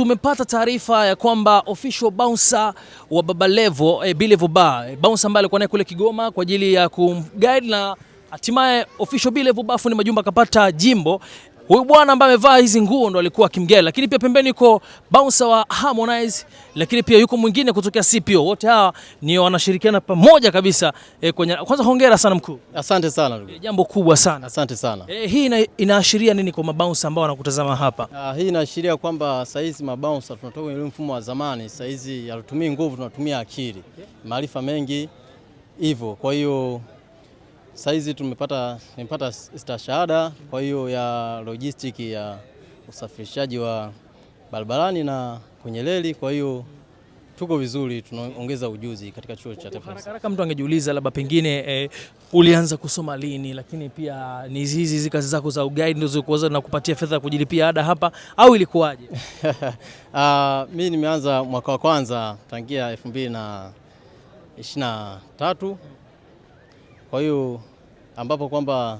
Tumepata taarifa ya kwamba official bouncer wa Baba Levo eh, Bilevo Bar eh, bouncer ambaye alikuwa naye kule Kigoma kwa ajili ya kumguide na hatimaye official Bilevo Bar fundi Majumba akapata jimbo Huyu bwana ambaye amevaa hizi nguo ndo alikuwa kimgeli lakini pia pembeni yuko bouncer wa Harmonize, lakini pia yuko mwingine kutokea CPO. Wote hawa ni wanashirikiana pamoja kabisa e, kwenye kwanza, hongera sana mkuu. Asante sana ndugu. E, jambo kubwa sana. Asante sana. E, hii ina, inaashiria nini kwa mabouncer ambao wanakutazama hapa? Ah, hii inaashiria kwamba sasa hizi mabouncer tunatoka kwenye mfumo wa zamani, saizi hizi hatutumii nguvu, tunatumia akili, maarifa mengi hivyo, kwa hiyo Saizi tumepata nimepata stashahada kwa hiyo ya logistic ya usafirishaji wa barabarani na kwenye reli. Kwa hiyo tuko vizuri, tunaongeza ujuzi katika chuo cha Taifa. Haraka haraka mtu angejiuliza labda pengine eh, ulianza kusoma lini, lakini pia ni hizi hizi kazi zako za ugaidi ndio zilikuwa na kupatia fedha ya kujilipia ada hapa au ilikuwaje? Uh, mi nimeanza mwaka wa kwanza tangia elfu mbili na ishirini na tatu kwa hiyo ambapo kwamba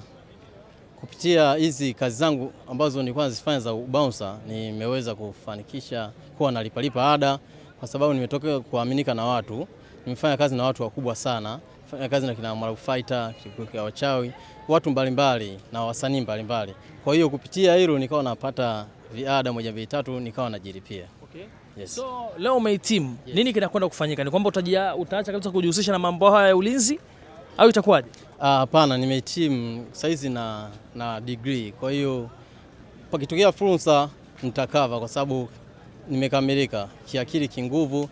kupitia hizi kazi zangu ambazo nilikuwa nazifanya za bouncer nimeweza kufanikisha kuwa nalipalipa ada, kwa sababu nimetokea kuaminika na watu. Nimefanya kazi na watu wakubwa sana, fanya kazi na kina Mwarabu Fighter, kwa wachawi, watu mbalimbali mbali, na wasanii mbalimbali. Kwa hiyo kupitia hilo nikawa napata viada moja mbili tatu, nikawa najilipia. Okay. Yes. So leo umehitimu. Yes. Nini kinakwenda kufanyika? Ni kwamba utaacha kabisa kujihusisha na mambo haya ya ulinzi? au itakuwaje? Ah, hapana, nimehitimu saizi na, na degree, kwa hiyo pakitokea fursa nitakava, kwa sababu nimekamilika kiakili, kinguvu.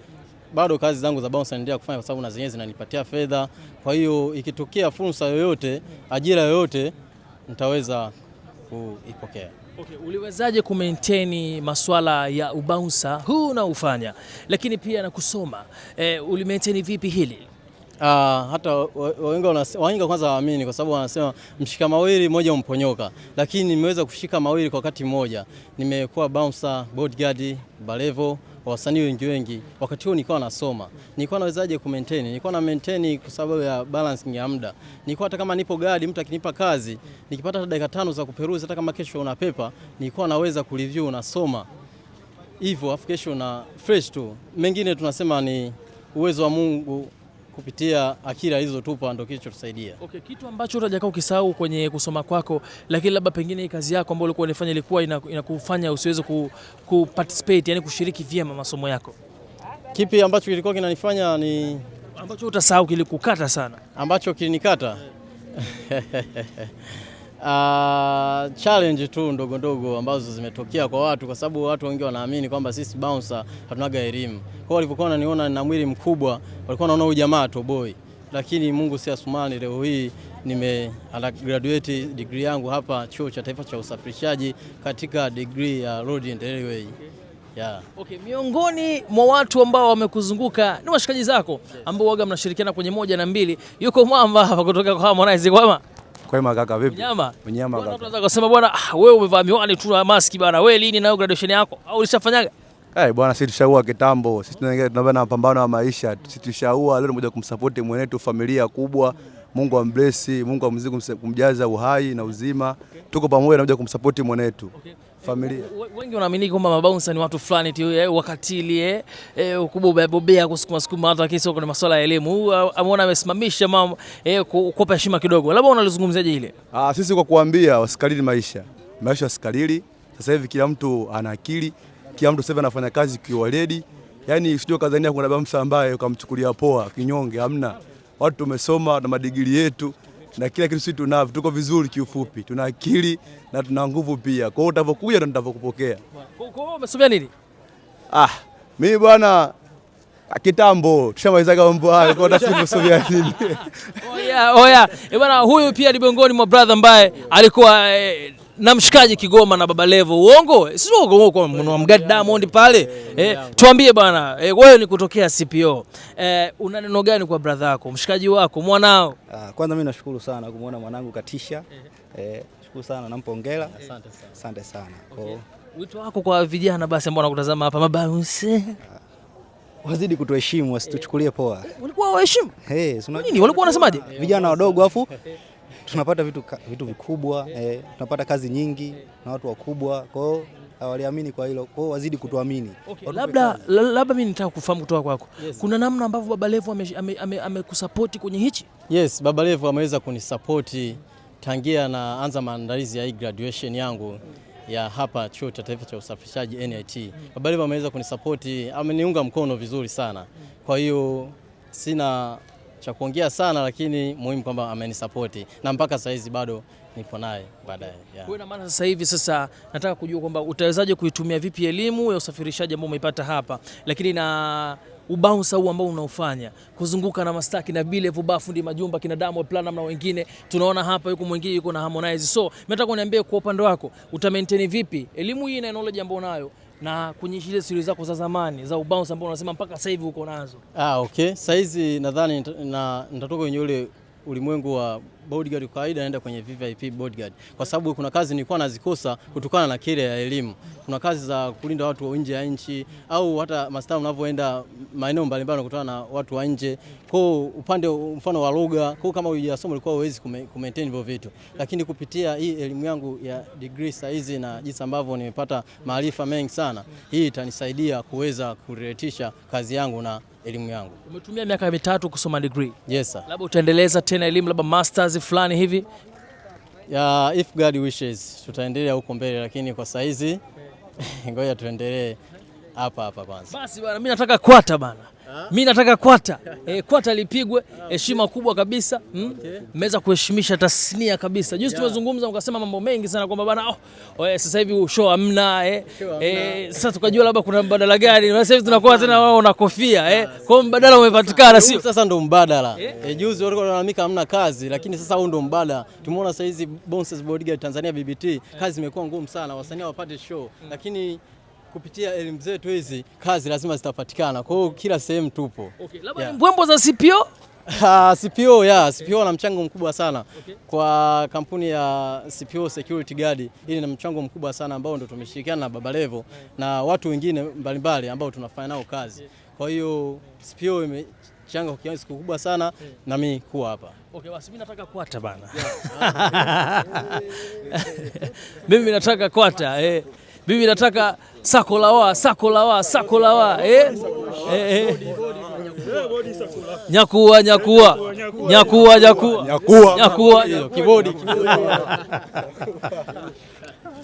Bado kazi zangu za bounce naendelea kufanya, kwa sababu na zenyewe zinanipatia fedha. Kwa hiyo ikitokea fursa yoyote, ajira yoyote, nitaweza kuipokea. Okay, uliwezaje kumaintain masuala ya ubaunsa huu unaofanya, lakini pia na kusoma e, eh, ulimaintain vipi hili? Uh, hata wahenga kwanza waamini kwa sababu wanasema mshika mawili mmoja umponyoka, lakini nimeweza kushika mawili kwa wakati mmoja. Nimekuwa bouncer, bodyguard, balevo wasanii wengi wengi. Wakati huo nilikuwa nasoma, nilikuwa nawezaje ku maintain? Nilikuwa na maintain kwa sababu ya balancing ya muda. Nilikuwa hata kama nipo gadi, mtu akinipa kazi, nikipata hata dakika tano za kuperuzi, hata kama kesho una pepa, nilikuwa naweza ku review, na soma hivyo, afu kesho na fresh tu. Mengine tunasema ni uwezo wa Mungu kupitia akili alizotupa ndio tusaidia. Okay, kitu ambacho utajakaa ukisahau kwenye kusoma kwako, lakini labda pengine kazi yako ambayo ulikuwa unafanya ilikuwa inakufanya usiweze ku, ku participate, yani kushiriki vyema masomo yako. Kipi ambacho kilikuwa kinanifanya ni ambacho utasahau kilikukata sana, ambacho kilinikata eh. Uh, challenge tu ndogo ndogo ambazo zimetokea kwa watu, kwa sababu watu wengi wanaamini kwamba sisi bouncer hatunaga elimu. Kwa hiyo walipokuwa wananiona na mwili mkubwa, walikuwa wanaona huyu jamaa toboi, lakini Mungu si Asumani, leo hii nime graduate degree yangu hapa Chuo cha Taifa cha Usafirishaji katika degree ya Road and Railway. Yeah. Okay, miongoni mwa watu ambao wamekuzunguka ni washikaji zako ambao waga mnashirikiana kwenye moja na mbili, yuko mwamba hapa kutoka kwa Harmonize kwama kwa hiyo kaka vipi? Mnyama. Mnyama kaka. Tunaanza kusema bwana, ah, wewe umevaa miwani tu na mask bwana. Wewe lini nayo graduation yako? Au ulishafanyaga? Eh, bwana sisi tushaua kitambo. Sisi tunaenda na mapambano ya maisha. Sisi tushaua, leo tumekuja kumsupport mwenetu familia kubwa. Mungu ambless, Mungu amzidi kumjaza uhai na uzima. Tuko pamoja na kuja kumsupport mwenetu. Okay familia. Wengi wanaamini kwamba mabouncer ni watu fulani tu eh, wakatili eh, eh ukubwa ubebobea kusukuma sukuma watu, lakini kuna masuala ya elimu. Ameona amesimamisha mambo eh, kuwapa heshima kidogo, labda unalizungumziaje ile? Ah, sisi kwa kuambia wasikalili maisha, maisha wasikalili. Sasa hivi kila mtu ana akili, kila mtu sasa anafanya kazi kiwaledi, yaani sio kadhania kuna baunsa ambaye ukamchukulia poa kinyonge, hamna. Watu tumesoma na madigiri yetu na kila kitu sisi tunavyo, tuko vizuri kiufupi, tuna akili na tuna nguvu pia. Kwa hiyo utavyokuja nitavokupokea. Kwa hiyo umesomea nini? Ah, mimi bwana kitambo tushamaliza mambo hayo, kwa hiyo nasikusomea nini. Oya, oya. Eh, bwana huyu pia ni miongoni mwa brother ambaye alikuwa eh, na mshikaji Kigoma na Baba Levo uongo si uongo siuogomna mgadi Diamond pale yeah, yeah, Eh, tuambie bwana eh, wewe ni kutokea CPO eh, una neno gani kwa brother yako mshikaji wako mwanao? Ah, kwanza mimi nashukuru sana kumuona mwanangu katisha eh, eh shukuru sana nampongela, asante sana, asante sana. Okay. Oh. Wito wako kwa vijana basi ambao wanakutazama hapa mabaunse ah, wazidi kutuheshimu wasituchukulie poa. Walikuwa waheshimu? Eh, hey, nini walikuwa wanasemaje? Vijana wadogo afu tunapata vitu, vitu vikubwa eh, tunapata kazi nyingi na watu wakubwa, kwa hiyo hawaliamini kwa hilo, kwa hiyo wazidi kutuamini. Okay, labda labda mimi nitaka kufahamu kutoka kwako, yes. Kuna namna ambavyo Baba Levo amekusapoti ame, ame, ame kwenye hichi? Yes, Baba Levo ameweza kunisapoti tangia na anza maandalizi ya hii graduation yangu ya hapa Chuo cha Taifa cha Usafirishaji NIT. Baba Levo ameweza kunisapoti, ameniunga mkono vizuri sana, kwa hiyo sina cha kuongea sana, lakini muhimu kwamba amenisapoti na mpaka sasa hizi bado nipo naye baadaye. Yeah. Kwa maana sasa hivi sasa nataka kujua kwamba utawezaje kuitumia vipi elimu ya usafirishaji ambao umeipata hapa, lakini na ubaunsa huu ambao unaofanya kuzunguka na mastaki na bile vubafu ndi majumba kina Diamond Platnumz na wengine tunaona hapa, yuko mwingine yuko na Harmonize. So nataka uniambie kwa upande wako uta maintain vipi elimu hii na knowledge ambayo unayo na kwenye zile siri zako za zamani za ubounce ambao unasema mpaka sasa hivi uko nazo? Ah, okay. hizi nadhani nitatoka kwenye ule ulimwengu wa bodyguard kwa kawaida naenda kwenye VIP bodyguard, kwa sababu kuna kazi nilikuwa nazikosa kutokana na kile ya elimu. Kuna kazi za kulinda watu wa nje ya nchi au hata mastaa unavyoenda maeneo mbalimbali unakutana na watu wa nje, kwa upande mfano wa lugha, kwa kama hujasoma ulikuwa huwezi maintain hivyo vitu, lakini kupitia hii elimu yangu ya degree sasa hizi na jinsi ambavyo nimepata maarifa mengi sana, hii itanisaidia kuweza kuretisha kazi yangu na elimu yangu. Umetumia miaka mitatu kusoma degree? Yes sir. Labda utaendeleza tena elimu labda masters kazi fulani hivi ya if God wishes tutaendelea huko mbele, lakini kwa saizi ngoja tuendelee hapa hapa kwanza. Basi bwana, mimi nataka kwata bana mi nataka kwata e, kwata lipigwe heshima okay. kubwa kabisa hmm? mmeweza mm? okay. kuheshimisha tasnia kabisa juzi yeah. tumezungumza mkasema mambo mengi sana kwamba bana oh, eh, sasa hivi usho hamna eh. eh, sasa tukajua labda kuna mbadala gani sasa hivi tunakuwa ah. tena wao na kofia eh. Ah, kwa hiyo mbadala umepatikana sio? Sasa ndo mbadala eh? e, juzi walikuwa wanalalamika hamna kazi lakini sasa huu ndo mbadala tumeona sasa hizi Bonses Bodyguard Tanzania BBT kazi imekuwa ngumu sana wasanii hawapate show mm. lakini kupitia elimu zetu hizi kazi lazima zitapatikana. Kwa hiyo kila sehemu tupo. Okay. Labda yeah. Mbwembo za CPO CPO ya CPO ana mchango mkubwa sana okay. Kwa kampuni ya CPO Security Guard ili na mchango mkubwa sana ambao ndo tumeshirikiana na Baba Levo yeah. na watu wengine mbalimbali ambao tunafanya nao kazi yeah. Kwa hiyo CPO imechanga kwa kiasi kikubwa sana yeah. na mimi kuwa hapa okay, basi mimi nataka kwata bana. Mimi nataka kwata eh mimi nataka sako la wa sako la wa sako la wa eh? Eh, eh. Nyakua nyakua nyakua nyakua nyakua kibodi.